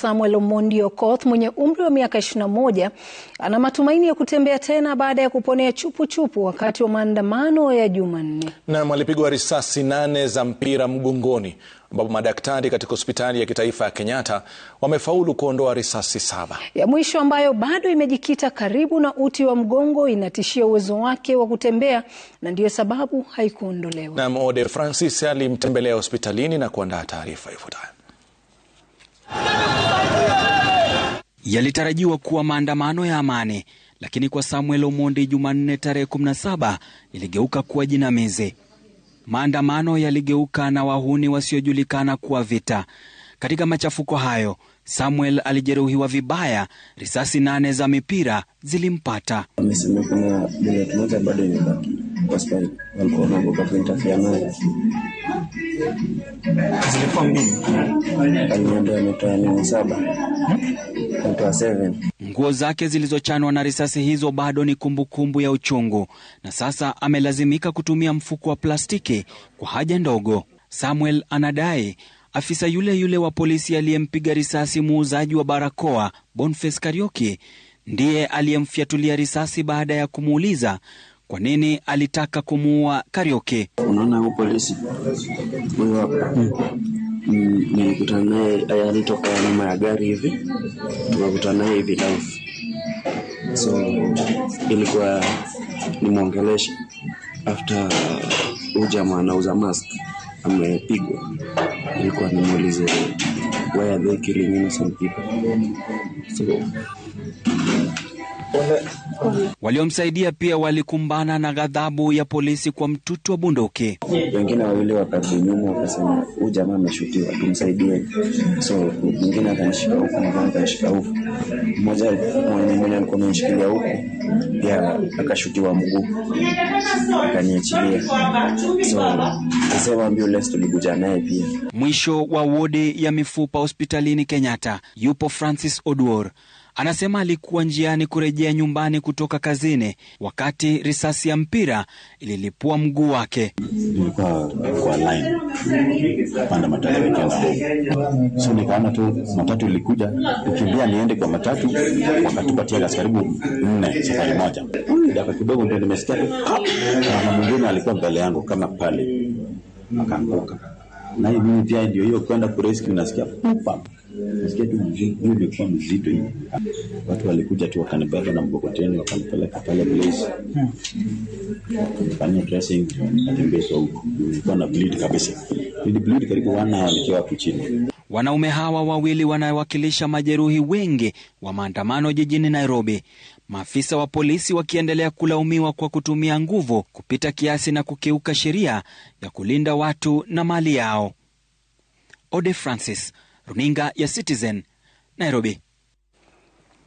Samuel Omondi Okoth mwenye umri wa miaka 21 ana matumaini ya kutembea tena baada ya kuponea chupu chupu wakati wa maandamano ya Jumanne. Nam alipigwa risasi nane za mpira mgongoni, ambapo madaktari katika hospitali ya kitaifa ya Kenyatta wamefaulu kuondoa risasi saba. Ya mwisho ambayo bado imejikita karibu na uti wa mgongo inatishia uwezo wake wa kutembea na ndiyo sababu haikuondolewa. Nam Ode Francis alimtembelea hospitalini na kuandaa taarifa ifuatayo. yalitarajiwa kuwa maandamano ya amani, lakini kwa Samuel Omondi Jumanne tarehe 17 iligeuka kuwa jinamizi. Maandamano yaligeuka na wahuni wasiojulikana kuwa vita. Katika machafuko hayo, Samuel alijeruhiwa vibaya, risasi nane za mipira zilimpata zilikuwa mbili, aliniambia saba, seven. Nguo zake zilizochanwa na risasi hizo bado ni kumbukumbu kumbu ya uchungu, na sasa amelazimika kutumia mfuko wa plastiki kwa haja ndogo. Samuel anadai afisa yule yule wa polisi aliyempiga risasi muuzaji wa barakoa Boniface Karioki ndiye aliyemfyatulia risasi baada ya kumuuliza kwa nini alitaka kumuua Karioke. Unaona huyu polisi huyo hapa hmm. hmm, nilikutana naye, eh, alitoka nyuma ya gari hivi, tumekutana naye hivi live, so ilikuwa nimwongeleshe. after uh, huu jamaa anauza mask amepigwa, ilikuwa nimuulize why are they killing innocent people so Waliomsaidia pia walikumbana na ghadhabu ya polisi kwa mtutu wa bunduki. Wengine wawili wakavinyuma wakasema, huyu jamaa ameshutiwa, tumsaidie. So mwingine akanishika huku, mwingine akanishika huku, mmoja mwenye alikuwa ameshikilia huku pia akashutiwa mguu, akaniachilia. So kasema ambulance, tulikuja naye pia. Mwisho wa wodi ya mifupa hospitalini Kenyatta yupo Francis Oduor Anasema alikuwa njiani kurejea nyumbani kutoka kazini wakati risasi ya mpira ililipua mguu wake. Nilikuwa kwa line napanda matatu kuelekea Nairobi, so nikaona tu matatu ilikuja, nikimbia niende kwa matatu, wakatupa tears karibu nne safari moja. Dakika kidogo ndio nimesikia tu, mwingine alikuwa mbele yangu kama pale akanguka, na mimi pia ndio hiyo kwenda kurescue, nasikia pupa nasikia ilikuwa mzito hivi. Watu walikuja tu wakanibeba na mgogoteni wakanipeleka pale dressing huko, nilikuwa na bleed kabisa, nili bleed karibu wana nikiwa hapo chini. Wanaume hawa wawili wanawakilisha majeruhi wengi wa maandamano jijini Nairobi, maafisa wa polisi wakiendelea kulaumiwa kwa kutumia nguvu kupita kiasi na kukiuka sheria ya kulinda watu na mali yao. Ode Francis, runinga ya Citizen Nairobi.